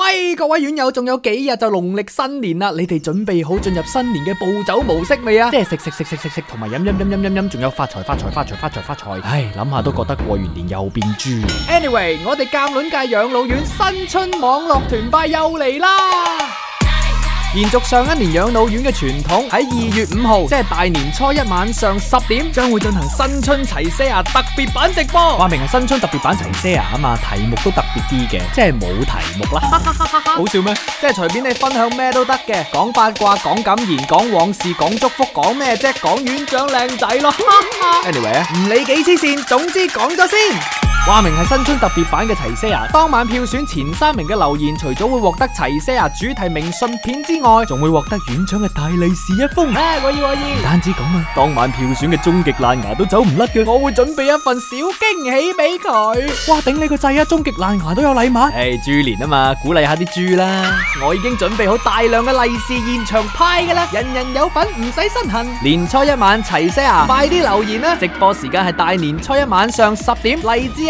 喂，各位院友，仲有幾日就農曆新年啦！你哋準備好進入新年嘅暴走模式未啊？即係食食食食食食，同埋飲飲飲飲飲飲，仲有，有發財發財發財發財發財。唉，諗下都覺得過完年又變豬。Anyway，我哋監卵界養老院新春網絡團拜又嚟啦。延續上一年養老院嘅傳統，喺二月五號，即係大年初一晚上十點，將會進行新春齊些牙特別版直播。話明係新春特別版齊些牙啊嘛，題目都特別啲嘅，即係冇題目啦。 好笑咩嗎？即係隨便你分享咩都得嘅，講八卦、講感言、講往事、講祝福、講咩啫，講院長靚仔咯。 Anyway 啊，唔理幾黐線，總之講咗先。話明係新春特別版嘅齊些牙。當晚票選前三名嘅留言，除咗會獲得齊些牙主題明信片之外，仲會獲得院長嘅大利是一封。誒、啊，我要，我要。單止咁啊，當晚票選嘅終極爛牙都走唔甩嘅，我會準備一份小驚喜俾佢。哇，頂你個掣啊，終極爛牙都有禮物？誒、欸，豬年啊嘛，鼓勵下啲豬啦。我已經準備好大量嘅利是現場派㗎啦，人人有份，唔使身痕。年初一晚齊些牙，快啲留言啦！直播時間係大年初一晚上十點，荔枝。